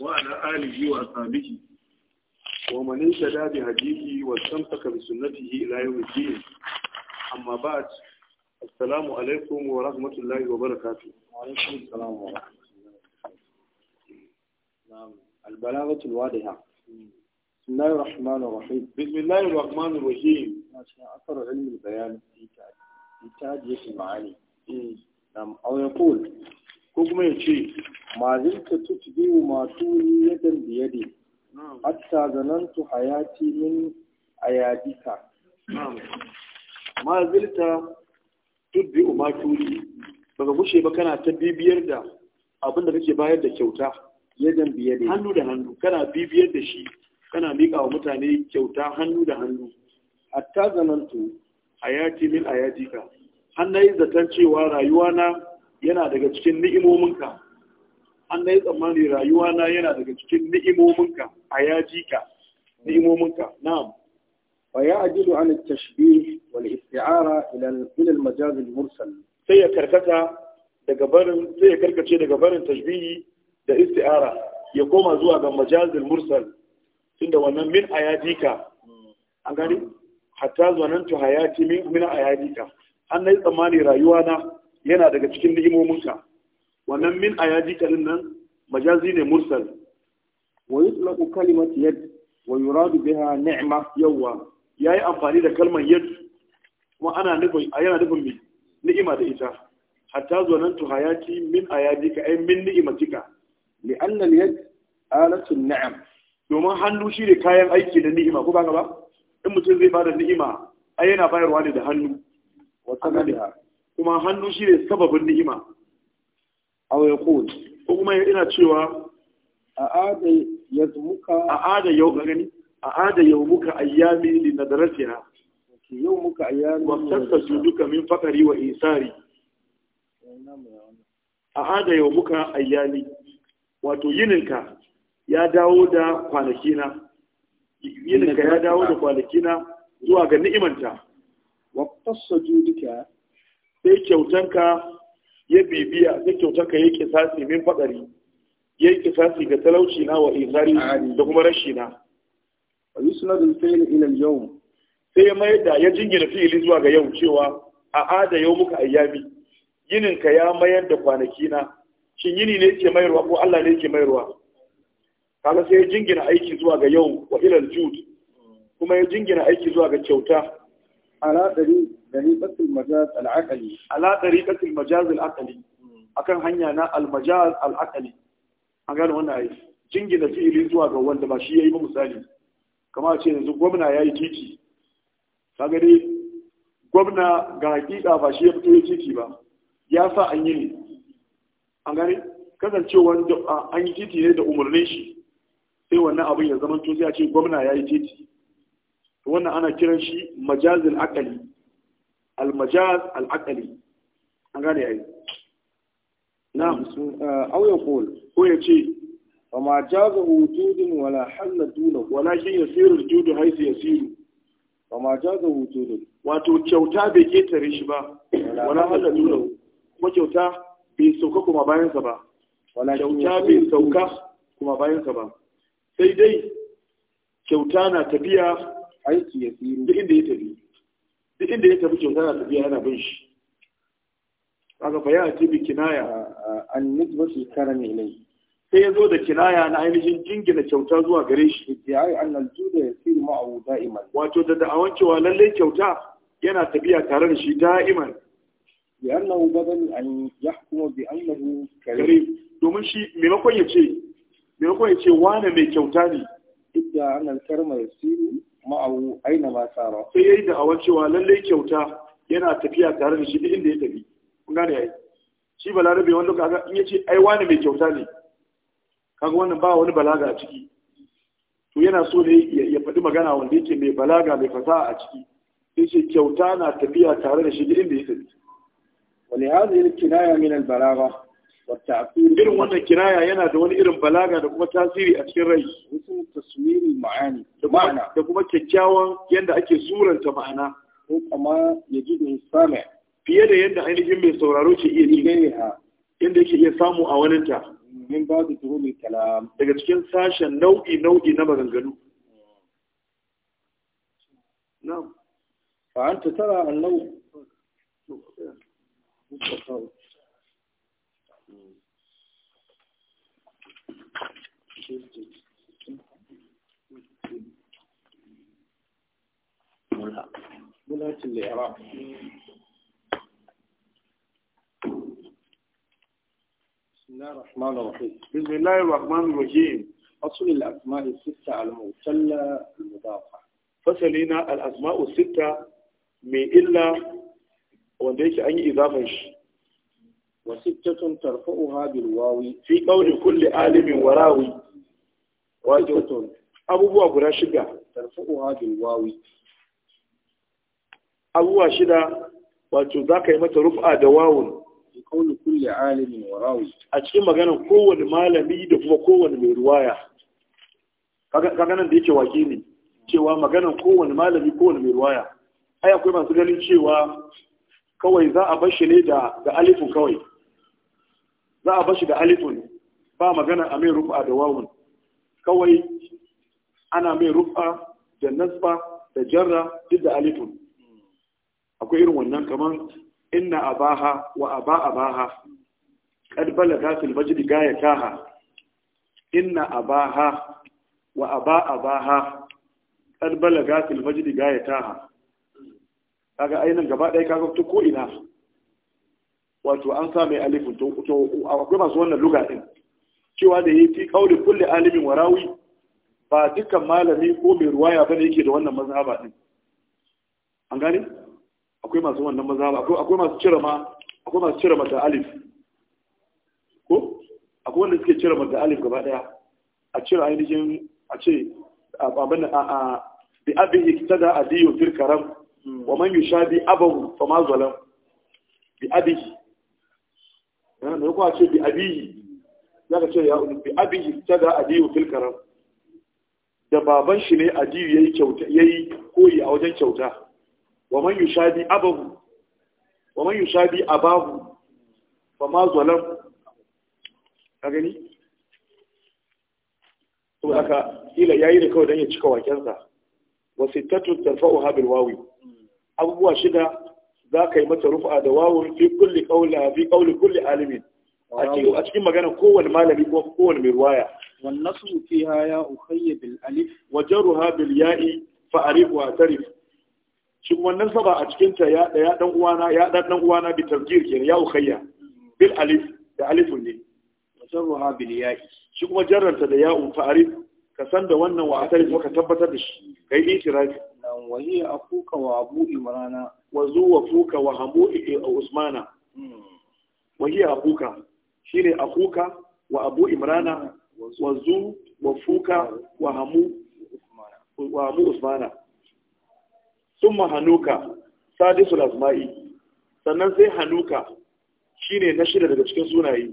وعلى آله وأصحابه ومن اهتدى بهديه واستمسك بسنته إلى يوم الدين أما بعد السلام عليكم ورحمة الله وبركاته وعليكم السلام ورحمة الله نعم البلاغة الواضحة بسم الله الرحمن الرحيم بسم الله الرحمن الرحيم أثر علم البيان في تعدية المعاني نعم أو يقول ko kuma ya ce ma zinta biyu ma tuni yadan biyadi hatta zanantu hayati min a ka ma zilta biyu masu yi daga gushe ba kana ta bibiyar da abin da kake bayar da kyauta yadan biyadi hannu da hannu kana bibiyar da shi kana miƙa wa mutane kyauta hannu da hannu hatta zanantu hayati min a ka hannayin zaton cewa rayuwa na yana daga cikin ni'imominka an na yi tsammani rayuwa na yana daga cikin ni'imominka a yaji ka ni'imominka na. Ba ya ajilu an tashbih wani isti'ara ila ila mursal sai ya karkata daga barin sai ya karkace daga barin tashbihi da isti'ara ya koma zuwa ga Majalil mursal mursal tunda wannan min a ka. an gani hatta zanantu hayati min min ka an na yi tsammani rayuwa na yana daga cikin ni'imominka wannan min ayaji kalin nan majazi ne mursal wa yutlaqu kalimat yad wa yuradu biha ni'ma yawa yayi amfani da kalmar yad kuma ana nufin yana nufin ni'ima da ita hatta zonantu hayati min ka ay min ni'imatika li'anna al-yad alatu ni'am domin hannu shi ne kayan aiki da ni'ima ko ba in mutum zai bada ni'ima ai yana bayarwa ne da hannu wa sanadiha kuma hannu shi ne sababin ni'ima A yaqul ko kuma yana cewa a'ada yazmuka a'ada yau gani ayyami li nadratiha yawmuka ayyami wa tasajuduka min faqri wa isari eh, a'ada muka ayyami wato yininka ya dawo da kwanakina yininka ya dawo da kwanakina zuwa ga ni'imanta wa sai kyautanka ya bibiya sai kyautanka ya kisasi min faɗari ya yi kisasi ga talauci na wa izari da kuma rashi na a yi suna da sai ilil yau sai ya mayar da ya jingina fili zuwa ga yau cewa a ada yau muka ayyami yininka ya mayar da kwanaki na shin yini ne ke mayarwa ko Allah ne ke mayarwa kaga sai ya jingina aiki zuwa ga yau wa ilal jud kuma ya jingina aiki zuwa ga kyauta ala dari tariqatul majaz al-aqli ala tariqatul majaz akan hanya na al-majaz A aqli an gane wannan ayi jingina fi'ili zuwa ga wanda ba shi yayi ba misali kamar ce yanzu gwamna yayi titi kaga dai gwamna ga hakika ba shi ya fito ya titi ba ya sa an yi ne an gane kasancewar an yi titi ne da umarnin shi sai wannan abin ya zama to sai a ce gwamna ya yi titi wannan ana kiran shi Majazil akali المجاز العقلي ان an gane او يقول هو يجي وما ko yace ولا ma jazahu ولا wala يصير duna wala يصير وما جاز وجود ma wato kyauta bai ketare shi ba wala halla duna kuma kyauta bai sauka kuma bayan sa ba kyauta bai sauka kuma bayan ba sai dai kyauta na tafiya aiki ya tafi duk inda ya tafi kyauta na tafiya yana bin shi kaga fa ya ce bi kinaya an nisbatu karami ilai sai ya zo da kinaya na ainihin jingina kyauta zuwa gare shi ya yi an aljuda ya fi ma'awu da'iman wato da da'awan cewa lallai kyauta yana tafiya tare da shi da'iman ya annahu badal an kuma bi annahu karim domin shi maimakon ya ce maimakon ya ce wane mai kyauta ne duk da an alkarma ya siru ma'ahu aina ma tsara. sai yayi da awan cewa lallai kyauta yana tafiya tare da shi duk inda ya tafi kun gane yi. shi balarabe wanda kaga in yace ai wani mai kyauta ne kaga wannan ba wani balaga a ciki to yana so ne ya faɗi magana wanda yake mai balaga mai fasaha a ciki sai ce kyauta na tafiya tare da shi duk inda ya tafi wani hazin kinaya min al balaga? irin wannan kiraya yana da wani irin balaga da kuma tasiri a cikin rai wasu taswiri ma'ani ma'ana da kuma kyakkyawan yadda ake suranta ma'ana ko kama ya ji da sama fiye da yadda ainihin mai sauraro ke iya ji yadda yake iya samu a wani ta min ba da turu mai kalam daga cikin sashen nau'i nau'i na maganganu na'am fa tara annahu ملاة الإعراب بسم الله الرحمن الرحيم بسم الله الرحمن الرحيم أصل الأسماء الستة المعتلة المضافة فصلنا الأسماء الستة من إلا وليس أي إضافة وستة ترفعها بالواو في قول كل عالم وراوي wajibatun abubuwa guda shida tarfu'uha bil wawi abubuwa shida wato za ka yi mata rufa da wawun bi qawli kulli alimin wa a cikin maganar kowane malami da kuma kowane mai ruwaya kaga nan da yake waki ne cewa maganar kowane malami kowane mai ruwaya ai akwai masu ganin cewa kawai za a bashi ne da da alifun kawai za a bashi da alifun ba magana a mai rufa da wawun kawai ana mai rufa da nasba da jarra duk da alifun akwai irin wannan kaman inna abaha wa aba abaha qad balaga fil majdi taha. inna abaha wa aba abaha qad balaga fil majdi taha kaga ainin gaba ɗaya kaga ta ko ina wato an sa mai alifun to akwai masu wannan lugadin. cewa da ya fi kauli kulle alimin warawi ba dukkan malami ko mai ruwaya bane yake da wannan mazhaba din an gani akwai masu wannan mazhaba akwai akwai masu cire ma akwai masu cire mata alif ko akwai wanda suke cire mata alif gaba daya a cire ainihin a ce abin a bi abin iktada a fil karam wa man yushabi abahu fama zalam bi abihi eh, yana da ko a ce bi abihi za ka ce ya bi abi ta da adiyu karam da baban shi ne adiyu ya yi kyauta yayi koyi a wajen kyauta wa man yushadi abahu wa man yushadi abahu fa ma zalam ka gani to haka ila yayi da kawai dan ya cika wakensa wa sittatu tarfa'uha bil wawi abubuwa shida za ka yi mata rufa da wawun fi kulli qawla fi qawli kulli alimin a cikin magana kowane malami ko kowane mai ruwaya Wannan su ke ya ukhayya bil alif wa jarruha bil ya'i fa arif wa tarif shin wannan saba a cikin ta ya da dan uwana ya dan dan uwana bi tarjir ke ya ukayya? bil alif da alifun ne wa jarruha bil ya'i shi kuma jarranta da ya'u fa arif ka san da wannan wa tarif ka tabbatar da shi kai itirafi nan wa hiya akuka wa abu imrana wa zuwa fuka wa hamu eh, usmana hmm. wa hiya akuka shine akuka wa abu imrana wa zu wa fuka wa hamu wa abu usmana summa hanuka sadisu asma'i sannan sai hanuka shine na shida daga cikin sunaye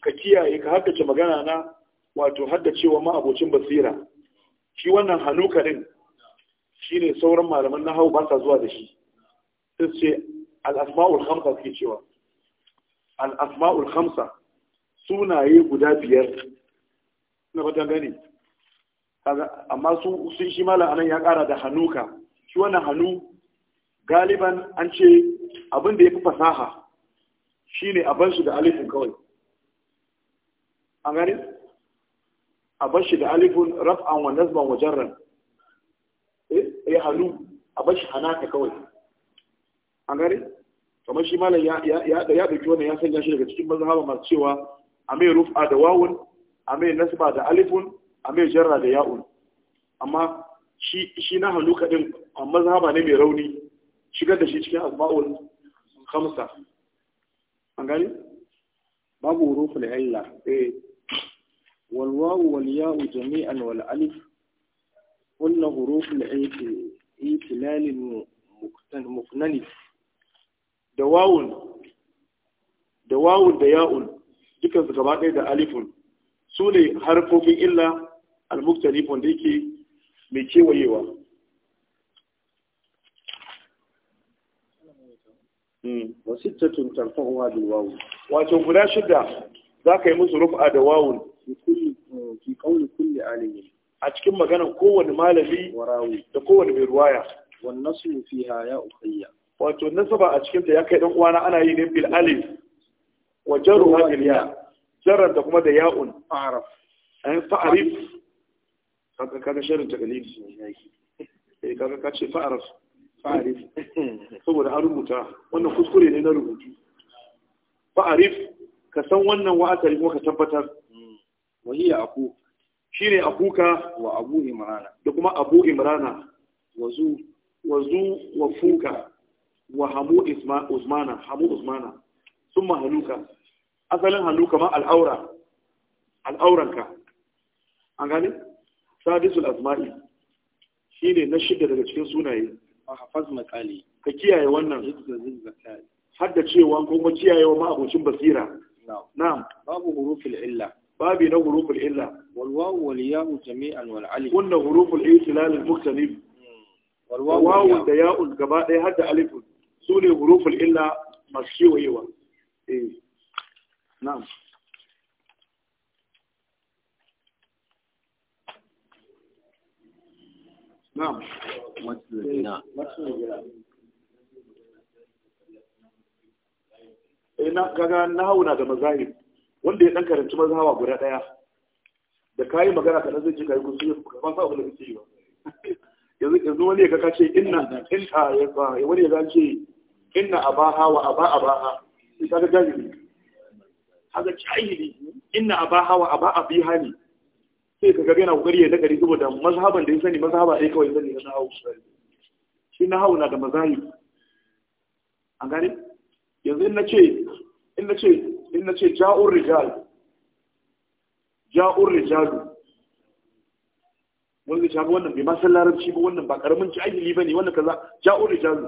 ka kiyaye ka haddace magana na wato haddacewa ma basira shi wannan hanuka din shine sauran malaman nahawu ba sa zuwa da shi sai ce al-asma'ul khamsa suke cewa al'asma'ul hamsa sunaye guda biyar na fatan gani amma sun shi mala anan ya kara da hannuka shi wannan hannu galiban an ce abin da ya fi fasaha shi ne shi da alifin kawai an gani shi da alifin raf'an wa nazban wa jarran ya hannu hana hanaka kawai an gani kamar shi malam ya ɗauki wannan ya sanya shi daga cikin mazhaba masu cewa a rufa da wawun a mai nasba da alifun a jarra da ya'un amma shi na hannu kaɗin a mazhaba ne mai rauni shigar da shi cikin asma'ul khamsa an gani babu huruful illa eh wal wawu wal ya'u jami'an wal alif kunna huruful itilal muktanif da wawun da wawun da ya'un dukan su gaba ɗaya da alifun su ne harfofin illa al-muktalifun da yake mai kewayewa hmm. wa sittatun wa da wawu wato guda shida za ka yi musu rufa da wawun Ki kauli eh, kulle alimi a cikin maganar kowane malami da kowane mai ruwaya wannan su fiha ya ukayya wato nasaba a cikin ta ya kai dan uwana ana yi ne bil alif wa jarruha bil ya jarran da kuma da ya'un fa'arif an eh, fa'arif kaga kaga sharin ta galili eh kaga ka ce fa'arif fa'arif saboda an rubuta wannan kuskure ne na rubutu fa'arif ka san wannan wa'akari kuma ka tabbatar hmm. wa hiya aku shine abuka. wa abu imrana da kuma abu imrana wazu wazu wa fuka wa hamu عثمان hamu عثمان ثم هلوكا haluka asalin ما الاورا الاورنكا al'auranka an gane sadisul shi ne na shida daga cikin sunaye hafaz makali ka kiyaye wannan hadda cewa kuma kiyaye wa abocin basira na'am babu hurufin illa Babu na hurufin illa wal waliyahu jami'an wal alif wannan hurufin ihtilal al-mukhtalif hmm. walwawu da ya'ul gaba ɗaya hadda alifun su ne huruful illa masu kewayewa eh, na'am na'am eh, na kaga na hauna da mazahib wanda ya dan karanci mazawa guda daya da kayi magana kana zai ce kai kusuri ban sa abin da kake yi ba yanzu wani ya kaka ce inna in a ya wani ya inna abaha wa aba abaha sai kaga jahili kaga jahili inna abaha wa aba abiha ne sai kaga yana kokari ya dakari saboda mazhaban da ya sani mazhaba ɗaya kawai sani na hawu shi hawu na da mazahi an gane yanzu in nace in nace in nace ja'ur rijal ja'ur rijalu wanda shafi wannan bai masan larabci ba wannan ba karamin jahili bane wannan kaza ja'ur rijalu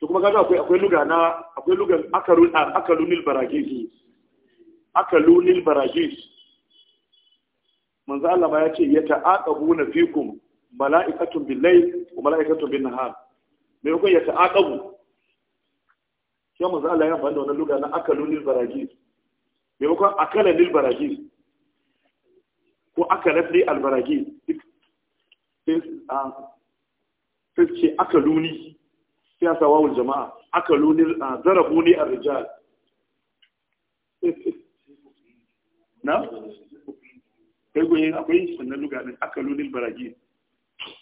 to kuma kaga akwai akwai luga na akwai lugan akalun akalunil baragis akalunil baragis manzo Allah ma yace yata'aqabuna fikum mala'ikatun billayl wa mala'ikatun bin nahar me yake yata'aqabu sai manzo Allah ya faɗa wannan luga na akalunil baragis me yake akala lil baragis ko akalat li al baragis ah, sai ce akaluni Siyasa wawul jama'a aka luni zarafu ne a rijal na? kai goyi akwai sannan luganin aka luni baragi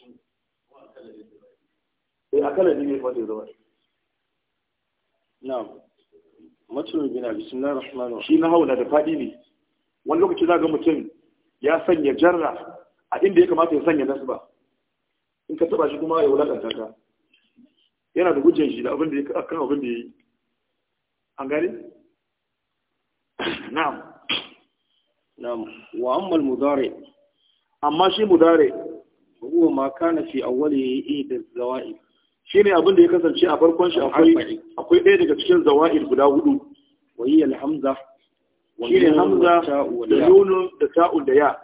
sai eh, akala ne ne fata zama na matsalin bina bisu na rahim shi na hauna da fadi ne wani lokaci za ga mutum ya sanya jarra a inda ya kamata ya sanya nasu ba in ka taba shi kuma ya wulakanta ka yana da hujjar shi da abin da ya kan abin da ya yi an gari? na'am na'am wa ammal mudare amma shi mudare huwa ma kana fi awwali da Shi ne abin da ya kasance a farkon shi akwai akwai ɗaya daga cikin zawa'i guda hudu wa yi alhamza ne hamza da nunun da ta'u da ya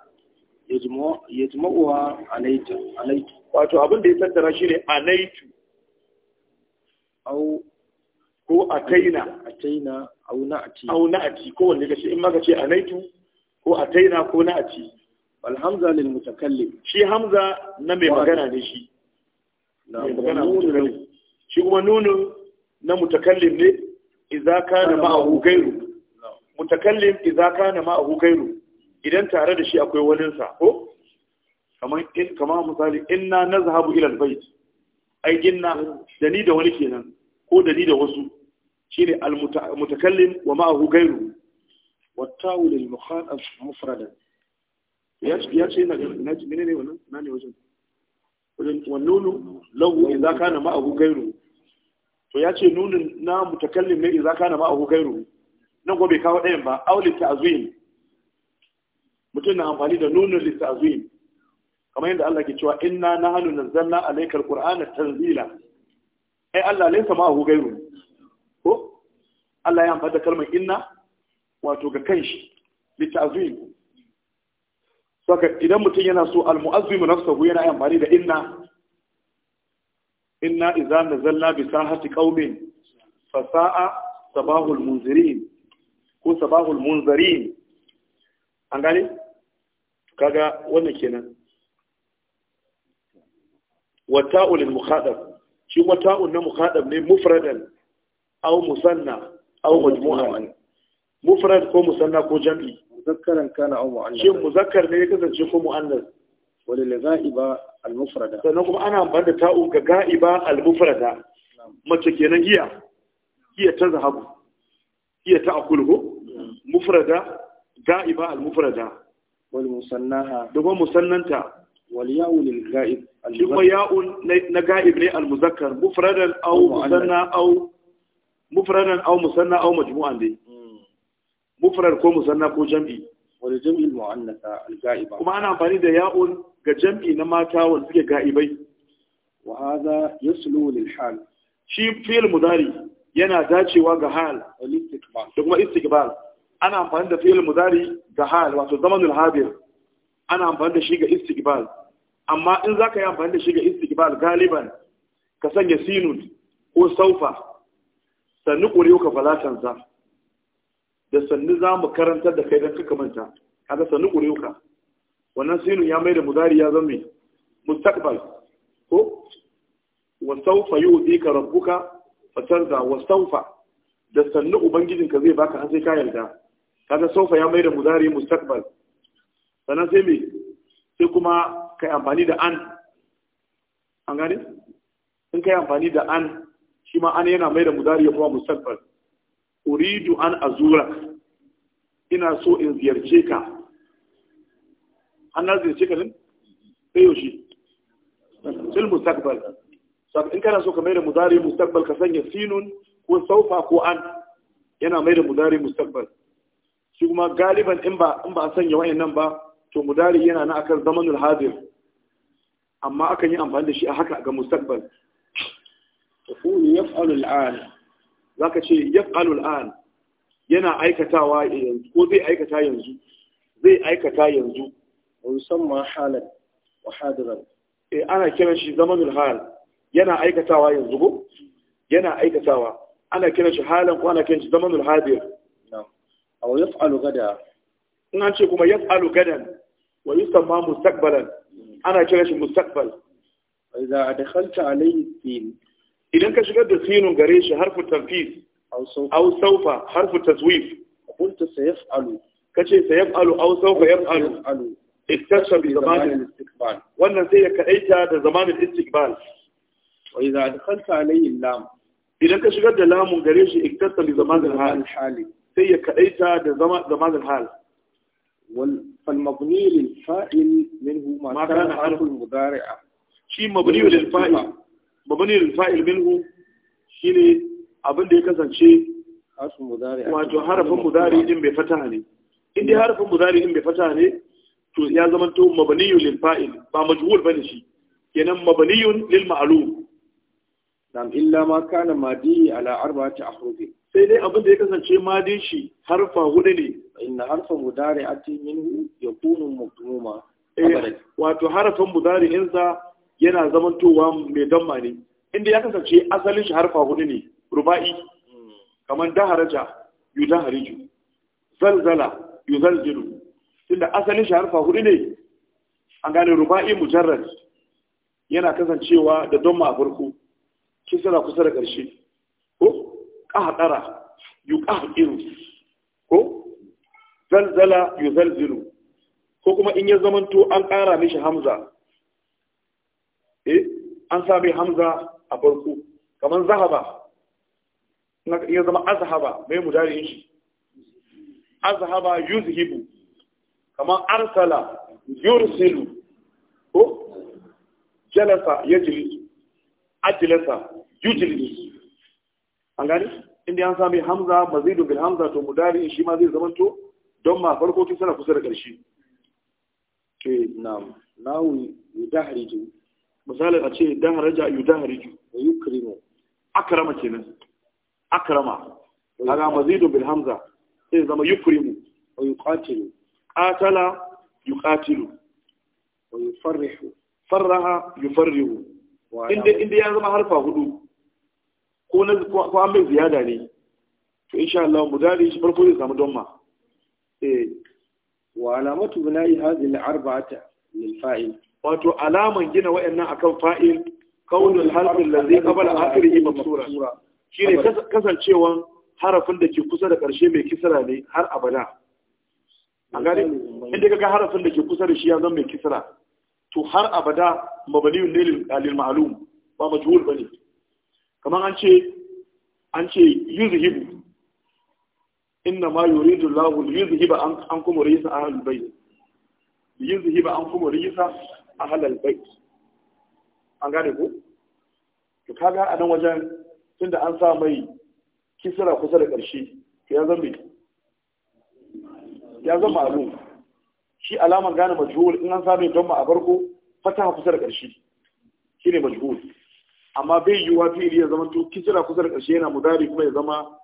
yajma'uha a Naitu? wato abin da ya tattara shine Naitu. au ko a taina au na'ati au na'ati ko wanda kace in maka ce a na'itu. ko a taina ko na'ati wal hamza lil mutakallim shi hamza na mai magana ne shi na magana mutakallim shi kuma nunu na mutakallim ne idza kana ma'ahu gairu mutakallim idza kana ma'ahu gairu idan tare da shi akwai waninsa ko kamar in kama misali inna nazhabu ila albayt ai inna da ni da wani kenan ko da ni da wasu shi ne mutakallim wa ma'ahu ghayru wa ta'ul al-mukhatab mufradan ya ya ce na na menene wannan na ne wajen wajen wannan lahu idza kana ma'ahu ghayru to ya ce nunin na mutakallin ne idza na ma'ahu ghayru nan gobe kawo ɗayan ba aulin ta'zim mutum na amfani da nunin litazim kamar yadda Allah ke cewa inna na nahnu nazzalna alaykal qur'ana tanzila Allah a ma'ahu ghayru ko Allah ya amfani da kalmar inna wato ga kanshi litazim saka idan mutum yana so al-mu'asibi almu'azzimu nafsahu yana amfani da inna inna idza nazalna bi sahati qaumin fa sa'a sabahul munzirin ko sabahul munzirin an gane kaga wannan kenan ulin mukhadab shi wata ta'un na mukhadab ne mufradan aw musanna aw majmu'an mufrad ko musanna ko jam'i muzakkaran kana aw mu'annas shin muzakkar ne ya kasance ko mu'annas wala la ga'iba al mufrada sannan kuma ana amfani da ta'un ga ga'iba al mufrada mace kenan giya giya ta zahabu giya ta akulhu mufrada ga'iba al mufrada wal musannaha da musannanta والياء للغائب شوف ياء نغائب ne المذكر مفردا او مثنى او مفردا او مثنى او مجموعا دي مفرد ko musanna ko jam'i kuma ana amfani da ya'un ga jam'i na mata wanda suke ga'ibai shi yana dacewa ga hal da kuma istikbal ana amfani da fi'l mudari ga hal wato zamanul hadir ana amfani da shi ga istikbal amma in za ka yi amfani da shi ga istiqbal galiban ka sanya sinud ko saufa sannu ƙuriyo ka falatansa da sannu za mu karantar da kai don kaka manta kaga sannu ƙuriyo ka wannan sinud ya mai da mudari ya zama mustaqbal ko wa saufa ka rabbuka da wa saufa da sannu ubangijinka zai baka har sai ka yarda kaga saufa ya mai da mudari mustaqbal sannan sai mai. sai kuma ka yi amfani da an an gani? in ka yi amfani da an shi ma an yana mai da mudari ya kuma musamman uridu an azura ina so in ziyarce ka an na ziyarce ka nin? sai yaushe fil mustaqbal sab in kana so ka mai da mudari musamman ka sanya sinun ko saufa ko an yana mai da mudari musamman shi kuma galiban in ba a sanya nan ba to mudari yana na akan zamanul hadir amma akan yi amfani da shi a haka ga mustaqbal tafulu yaf'alu al'an zaka ce yaf'alu al'an yana aikatawa yanzu ko zai aikata yanzu zai aikata yanzu musamman halan wa hadiran eh ana kiran shi zamanul hal yana aikatawa yanzu ko yana aikatawa ana kiran shi halan ko ana kiran shi zamanul hadir na'am aw yaf'alu gada in an ce kuma yas'alu gadan wa yusamma mustaqbalan ana kira shi mustaqbal idza adkhalta alayhi sin idan ka shigar da sinun gare shi harfu tanfis aw sawfa harfu taswif qulta sayaf'alu kace sayaf'alu aw sawfa yaf'alu iktasha bi zamanin istiqbal wannan sai ya kadaita da zamanin istiqbal wa idza adkhalta alayhi lam idan ka shigar da lamun gare shi iktasha bi zamanin hal sai ya kadaita da zamanin hal فالمبني للفاعل منه ما كان حرف المضارع شيء مبني للفاعل مبني للفاعل منه shine abin da ya kasance wato harafin mudari din bai fata ne in dai harafin mudari din bai fata ne to ya zama to mabaniyun lil fa'il ba majhul bane shi kenan mabaniyun lil ma'lum nam illa ma kana madi ala arba'ati ahrufi sai dai abin da ya kasance madin shi harfa hudu ne inna harfa mudari ati minhu yakunu mudmuma eh, wato harfin mudari insa yana zamantowa mai damma ne inda ya kasance asalin shi harfa hudu ne ruba'i hmm. kamar daharaja yudahariju zalzala yuzalzilu tunda asalin shi harfa hudu ne an gane ruba'i mujarrad yana kasancewa da damma a farko kisra kusa da ƙarshe ko ƙahaɗara yu ƙahaɗiru ko zalzala yu zalzilu ko kuma in ya zamanto an ƙara mishi hamza eh an sami hamza a farko kamar zahaba in ya zama azhaba mai mudari shi azhaba yuzhibu kamar arsala yursilu ko jalasa yajlisu ajlasa yujlisu an gani inda an sami hamza mazidu bil hamza to mudari shi ma zai zamanto don ma farko tun sana kusa da ƙarshe ke nam nawi yudahriju misali a ce daharaja yudahriju wa yukrimu akrama kenan akrama kaga mazidu bil hamza sai zama yukrimu wa yuqatilu qatala yuqatilu wa yufarrihu farraha yufarrihu inda inda ya zama harfa hudu ko an bai ziyada ne to insha Allah mudari shi farko zai samu don ma. eh wa alamatu bina'i hadhihi al-arba'ata lil fa'il wato alaman gina wa'annan akan fa'il kaunul harfin lalzi kabala akirihi mamsura shi ne kasancewan harafin da ke kusa da ƙarshe mai kisra ne har abada a gari, inda ga harafin da ke kusa da shi ya zama mai kisra to har abada mabaliyun ne lil ma'lum ba majhul bane kamar an ce an ce yuzhibu inna ma yuridu Allahu yuzhiba an kuma rijsa ahlul bayt yuzhiba an kuma rijsa ahlul bayt an gane ko to kaga a nan wajen tunda an sa mai kisra kusa da ƙarshe to ya zama ya zama ma'lum shi alaman gane majhul in an sa mai don ma a farko fata kusa da ƙarshe shine majhul amma bai yiwuwa fi'ili ya zama to kisra kusa da ƙarshe yana mudari kuma ya zama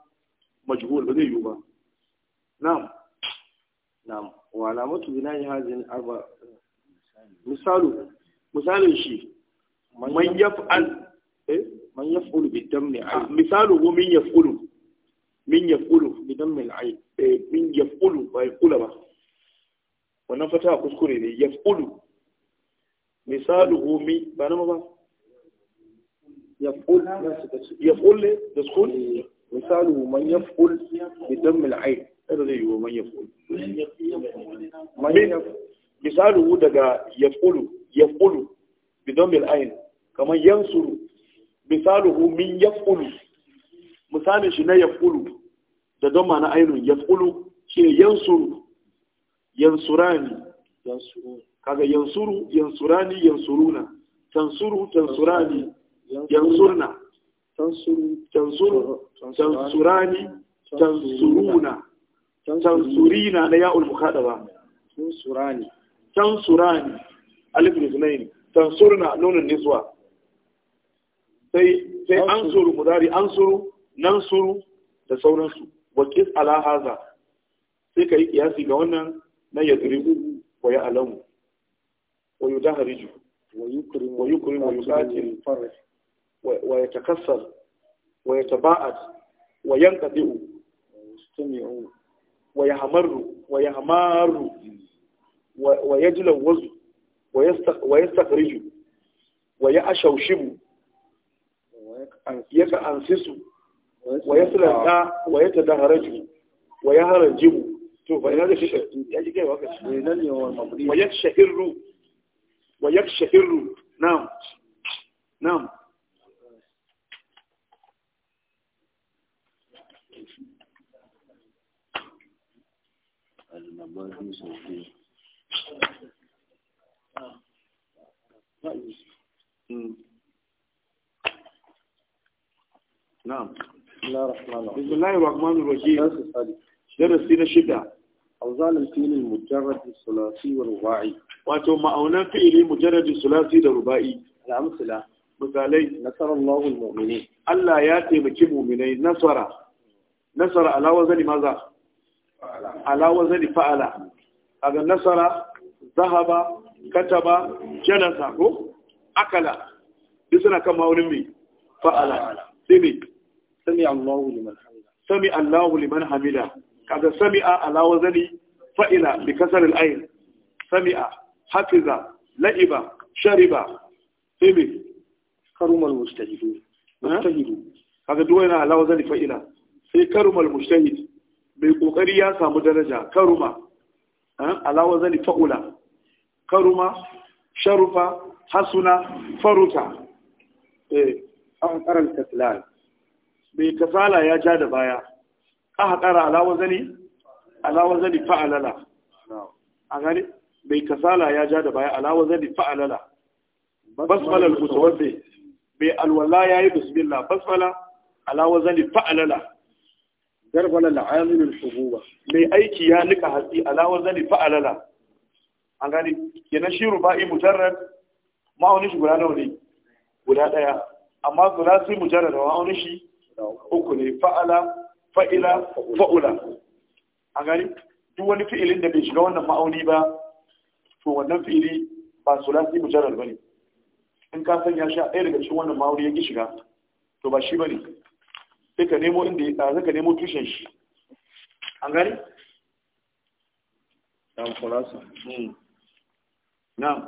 majhul ba zai yiwu ba na'am na'am wa alamatu bina'i hazin arba misalu misalin shi man yaf'al eh man yaf'ulu bi dammi ay ah, misalu hu min yaf'ulu min yaf'ulu bi dammi al-ay eh min yaf'ulu ba yaqula ba wannan fata kuskure ne yaf'ulu misalu hu min ba na ba يقول يقول مثاله من يفقل بدم العين هذا زي هو من يفقل من يفعل مثاله دقا يفعل يفعل بدم العين كما ينصر مثاله من يفقل مثال شنا يفقل da don mana ainihin ya tsulu shi ne yansuru yansurani kaga yansuru yansurani yansuruna tansuru tansurani yansurna tansurani tansuruna tansurina na ya'ul mukhadaba tansurani tansurani alif lisnain tansurna nunun niswa sai sai ansuru mudari ansuru nansuru da sauransu wa qis ala haza sai kai kiyasi ga wannan na yadribu wa ya'lamu wa yudahriju wa yukrim wa yukrim wa yuqatil wa ya takassar wa ya taba'at wa yanqadi'u yastami'u wa yahmaru wa yahmaru wa yajlawazu wa yastakhriju wa ya'shawshibu ya ka'ansisu wa yaslanta wa yatadaharaju wa yaharajibu to fa ina da shi ya labarin sauƙi na'am bismillahir rahmanir darasi na shida auzalin filin mujarrabi sulasi wa ruba'i wato ma'aunan fili mujarrabi sulasi da ruba'i al'amsila misalai nasarar lawul mu'mini Allah ya taimaki mu'minai nasara nasara alawar zani maza ala wazani fa'ala kaga nasara zahaba kataba jalasa ko akala duk suna kan ma'aunin fa'ala kaga sami'a ala wazani fa'ila bi kasar al sami'a hafiza la'iba shariba sai mai karumal duwaina sai mustahid mai kokari ya samu daraja karuma eh, alawa zani fa'ula karuma sharufa hasuna faruta eh, A karar kasilar mai kasala ya ja da baya aka kara alawa zani alawa zani fa'alala a gani mai kasala ya ja da baya alawa zani fa'alala basmalar kusurwarfe mai alwala ya yi bismillah basmala alawa zani fa'alala garbala la'amil al-hububa mai aiki ya nika hatsi alawar wazani fa'alala an gani kenan shi rufa'i mujarrar ma'aunin shi guda nau ne guda daya amma su mujarrar da ma'aunin shi uku ne fa'ala fa'ila fa'ula an gani duk wani fi'ilin da bai shiga wannan ma'auni ba to wannan fi'ili ba su mujarrar ba ne in ka sanya shi a ɗaya daga cikin wannan ma'auni ya ki shiga to ba shi ba ne sai ka nemo inda ya sai ka nemo tushen shi an gani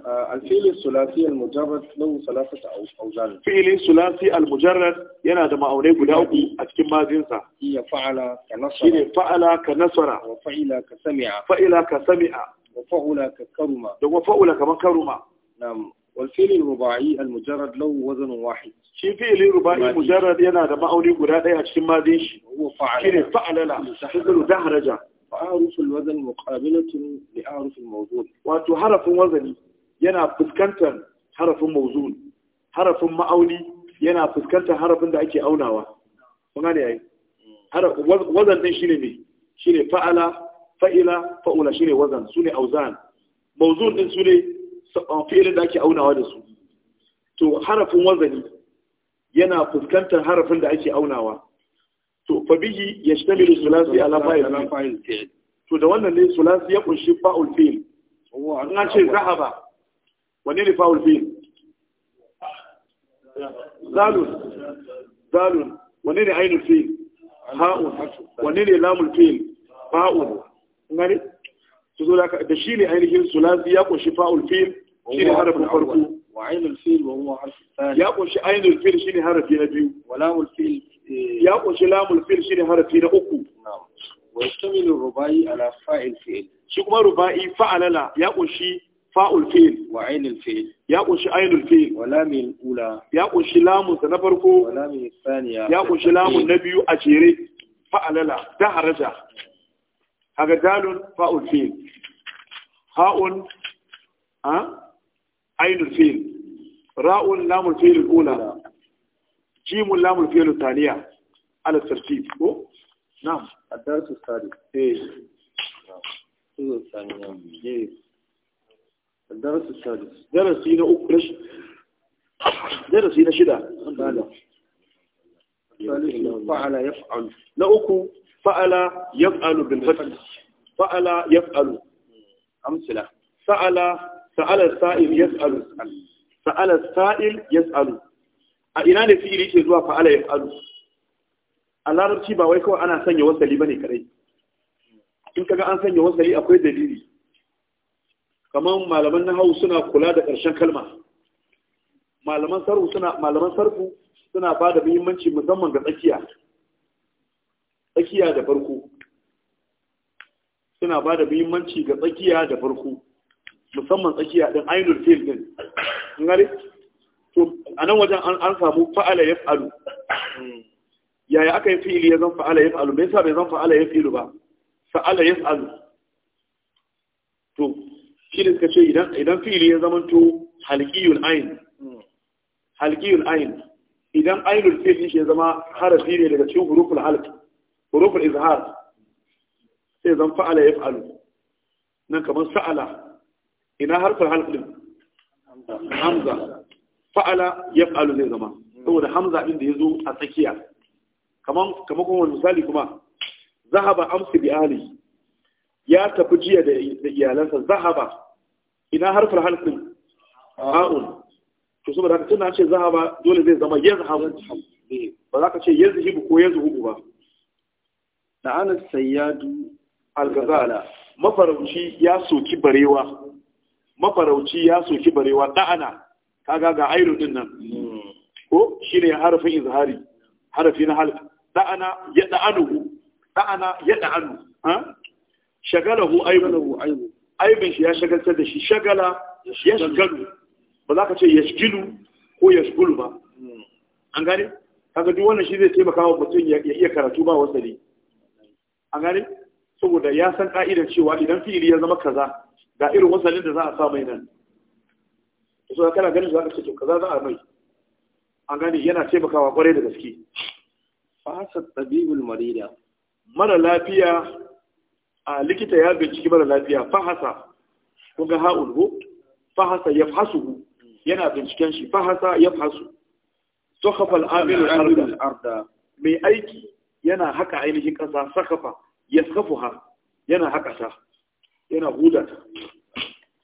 alfilin hmm. sulafi al-mujarrar lau salafi ta ثلاثة أوزان sulafi al mujarrar yana da ma'aunai guda uku a cikin mazinsa iya fa'ala ka nasara shine fa'ala ka nasara wa fa'ila ka sami'a fa'ila ka sami'a wa fa'ula ka karuma da wa والفعل الرباعي المجرد له وزن واحد shi fi'ilin ruba'i mujarrad yana da ma'auni guda ɗaya a cikin mazin shi a fa'alala tasilu dahraja fa'aruf alwazn muqabilatun li aruf almawzu' wato harafin wazani yana fuskantar harafin mawzu' harafin ma'auni yana fuskantar harafin da ake aunawa kun din shine me shine fa'ala fa'ila fa'ula shine wazan sune auzan mawzu' din sune fiye da ake aunawa da su to harafin wazani yana fuskantar harafin da ake aunawa to fa bihi yashtamilu sulasi ala fa'il fi'il to da wannan ne sulasi ya kunshi fa'ul fi'il an ce zahaba wanne ne fa'ul fi'il zalun zalun wanne ne ainul fi'il ha'un wanne ne lamul fi'il Fa'ul. ngari da shi ne ainihin sulasi ya kunshi fa'ul fil shi ne harafin farko wa ainul fil wa huwa harfi ya kunshi ainul fil shi ne harafi na biyu wa lamul fil eh, ya kunshi lamul fil shi ne harafi na uku wa yastamilu rubai ala fa'il fil shi kuma rubai fa'alala ya kunshi fa'ul fil wa ainul fil ya kunshi ainul fil wa lamil ula ya kunshi lamun sa na farko wa lamil thaniya ya kunshi lamun na biyu a jere fa'alala ta haraja Aga dalun fa'ul fil ha'un ha ainul fil ra'un lamul fil ula jimun lamul fil thaniya ala tartib ko na'am adarsu sadi eh الدرس السادس درس هنا أكرش درس هنا شدة فعل يفعل لا أكو fa'ala yaf'alu bil fath fa'ala ya yaf'alu amsila Fa'ala sa'ala sa'il yas'alu sa'ala sa'il yas'alu a ina ne fi'ili ke zuwa fa'ala ya yaf'alu a larabci ba wai kawai ana sanya wasali ne, kadai in kaga an sanya wasali akwai dalili kamar malaman nahawu suna kula da ƙarshen kalma malaman sarfu suna malaman sarfu suna ba da muhimmanci musamman ga tsakiya tsakiya da farko suna ba da muhimmanci ga tsakiya da farko musamman tsakiya din ainul fil ɗin, ngare to a nan wajen an samu fa'ala yaf'alu yaya aka yi fi'ili ya zan fa'ala yaf'alu me sa bai zan fa'ala yaf'ilu ba fa'ala yaf'alu to shi da suka ce idan idan fi'ili ya zama to halqiyul ain halqiyul ain idan ainul fil shi ya zama harafi ne daga cikin huruful halq huruful izhar sai zan fa'ala ya fa'alu nan kamar sa'ala ina harfar halƙin hamza fa'ala ya fa'alu zai zama saboda hamza inda ya zo a tsakiya kamar kuma misali kuma zahaba amsi bi ya tafi jiya da iyalansa zahaba ina harfar halƙin ha'un to saboda haka ce zahaba dole zai zama yazhabu ba za ka ce yazhibu ko yazhubu ba la'anar sayyadu al-gazala mafarauci ya soki barewa mafarauci ya soki barewa da'ana kaga ga airu din nan hmm. ko shine harafin izhari harafi na halka da'ana ya da'anuhu da'ana ya da'anu ha shagalahu aibu aibin shi ya shagaltar da shi shagala ya shagalu ba za ka ce ya shigilu ko ya shigulu ba hmm. an gane kaga duk wannan shi zai taimaka wa mutum ya iya karatu ba wasali a gane saboda ya san ka'idar cewa idan fi'ili ya zama kaza ga irin wasannin da za a sa mai nan so kana ganin za ka cikin to kaza za a mai a gane yana taimakawa kwarai da gaske fasa tabibul marida mara lafiya a likita ya binciki mara lafiya fahasa ko ga ha'ul ko fahasa yafhasu yana binciken shi fahasa ya fasu al-amil al-arda mai aiki yana haka ainihin ƙasa sakafa ya ha yana haka ta yana huda ta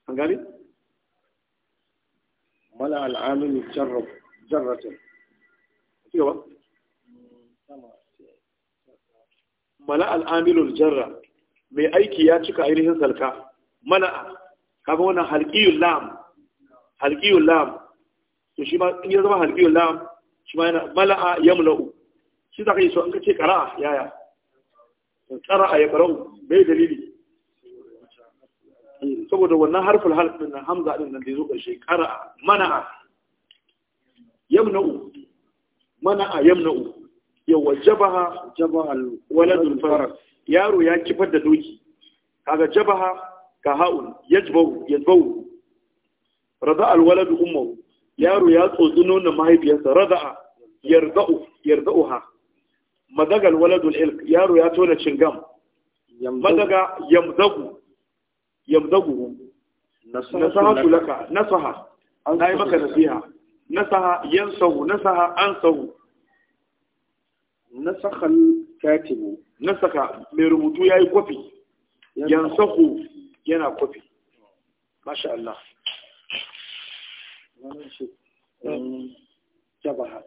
an gani? mala al'amini jarratin cewa mala al'amilul jarra mai aiki ya cika ainihin salka mala kafin wannan halƙiyun lam halƙiyun lam to shi ma in ya zama halƙiyun lam shi ma yana mala'a yamla'u shi za ka yi so an ka ce ƙara'a yaya Tsara ya ƙarau bai dalili saboda wannan harful half din nan hamza din nan da yazo ƙarshe ƙara'a a yamna'u mana'a yamna'u ya wajabaha jabal waladul faras yaro ya kifar da doki kaga jabaha ka haun yajbau yajbau rada al walad ummu yaro ya tsotsi nonon mahaifiyarsa rada'a yarda'u ha. madagal waladul ilk yaro ya tona cingam madaga yamzagu yamzagu nasahatu laka nasaha na yi maka nasiha nasaha yansahu nasaha ansahu nasakha katibu nasaka mai rubutu ya yi kofi yansahu yana kofi masha Allah um, jabaha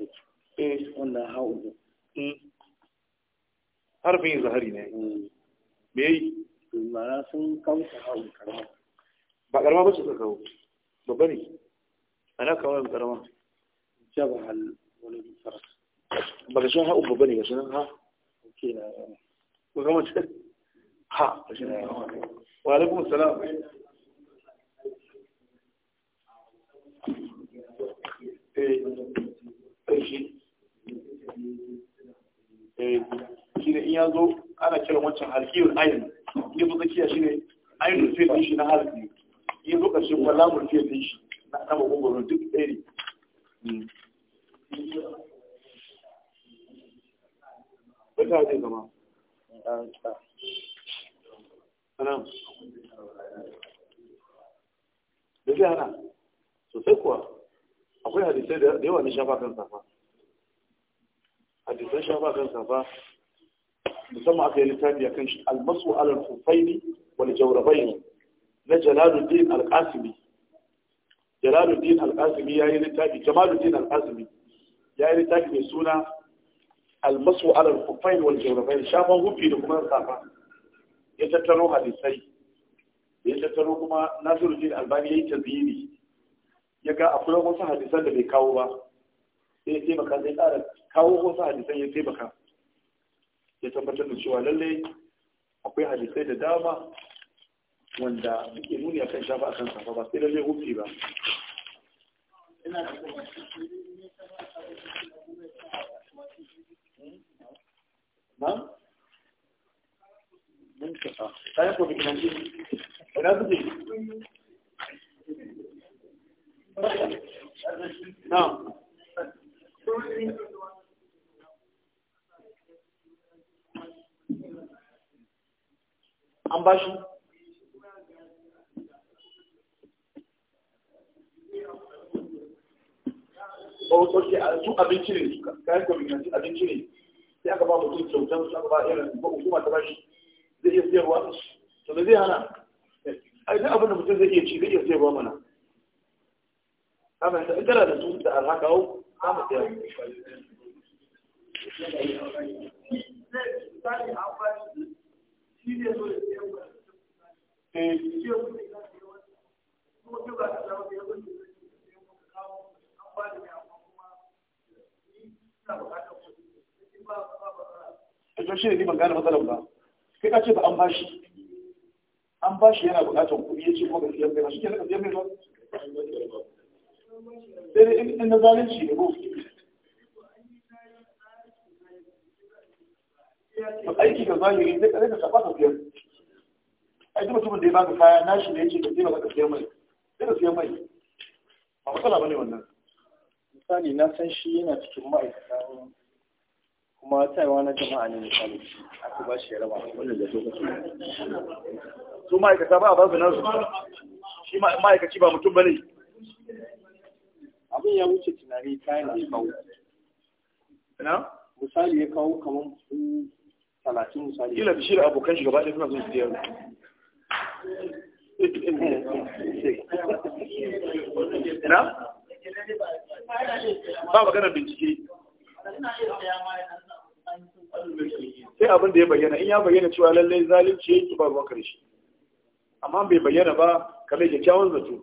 eh wannan hawo harfin zahari ne me yi mara sun kauta hau karama ba karama ba su ka kawo babba ne ana kawo yin karama jaba hal wani faras ba ka shan hau babba ne ga shi nan ha ok na ba kama ce ha ba shi nan wa alaikum salam zo ana kiran wancan halkiyar ayin ya zo tsakiya shi ne ayin rufe ɗin shi na halki ya zo ƙarshe kuma lamun rufe da shi na kama gungurin duk ɗaya ne. zai Ana. Da zai hana. Sosai kuwa. Akwai hadisai da yawa na shafa kan safa. Hadisan shafa kan safa musamman aka yi littafi a kan shi almasu alal hufaini wal jaurabaini na jalaluddin alqasimi jalaluddin alqasimi ya yi littafi jamaluddin alqasimi ya yi littafi mai suna almasu alal hufaini wani jaurabaini shafan hufi da kuma safa ya tattaro hadisai ya tattaro kuma nasiruddin albani ya yi tazini ya ga akwai wasu hadisan da bai kawo ba sai ya taimaka sai tsara kawo wasu hadisan ya taimaka ya tabbatar da cewa lallai akwai hadisai da dama wanda muke nuni akan shafa akan safa ba sai lallai hufi ba na? Mun kasa. Tayan an ba shi ɗauke a su abinci ne kayan kwamfiyansu abinci ne sai aka ba mutum kyautan su aka ba irin ba hukuma ta bashi zai iya siyarwa to da zai hana ai duk abin da mutum zai iya ci zai iya siyarwa mana kamar da ikara da su da alhaka hau za mu siyar Thank you. shi ne so ya ba ya an ba ba ban gane matsalar kai ka ce ba an bashi an bashi yana bukatar kuɗi ya ce kuma ga siyan bai ba shi ke na siyan mai ba sai dai in zalunci ne ba. aiki da zahiri zai kare ka shafa ka biyar ai duk mutumin da ya baka kaya nashi ne yake ka je ka siyan mai sai ka siya mai ba matsala bane wannan misali na san shi yana cikin ma'aikata kuma taiwa na jama'a ne misali aka ba shi ya raba wanda da so kasu su ma'aikata ba a ba su shi ma'aikaci ba mutum bane abin ya wuce tunani kayan ba na misali ya kawo kamar su talatin misali kila da shi da abokan shi gaba suna zuwa siyar na ba maganar bincike sai abin da ya bayyana in ya bayyana cewa lallai zalunci yake ba ruwan karshe amma bai bayyana ba kame kyawun zato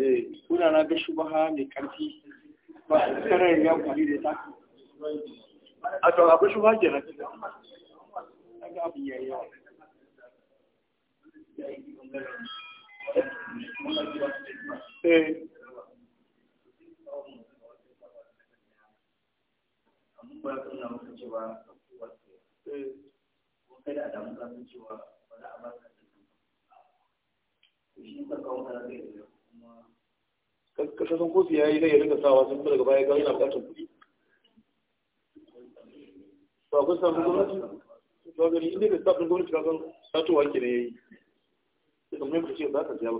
eh. kuna na ga shubaha mai karfi ba a tsarar ya kwari da ta a to akwai shubaha kenan an ka san ka ya yi ne sawa sun daga baya ka gani inda da sabon gwamnati ka san satowa ke da yayi sai ka mai kace za ka biya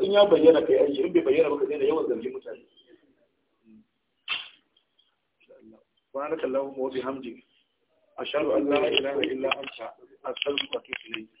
in ya bayyana kai aiki in bai bayyana ba yawan mutane سبحانك اللهم وبحمدك أشهد أن لا إله إلا أنت أستغفرك وأتوب إليك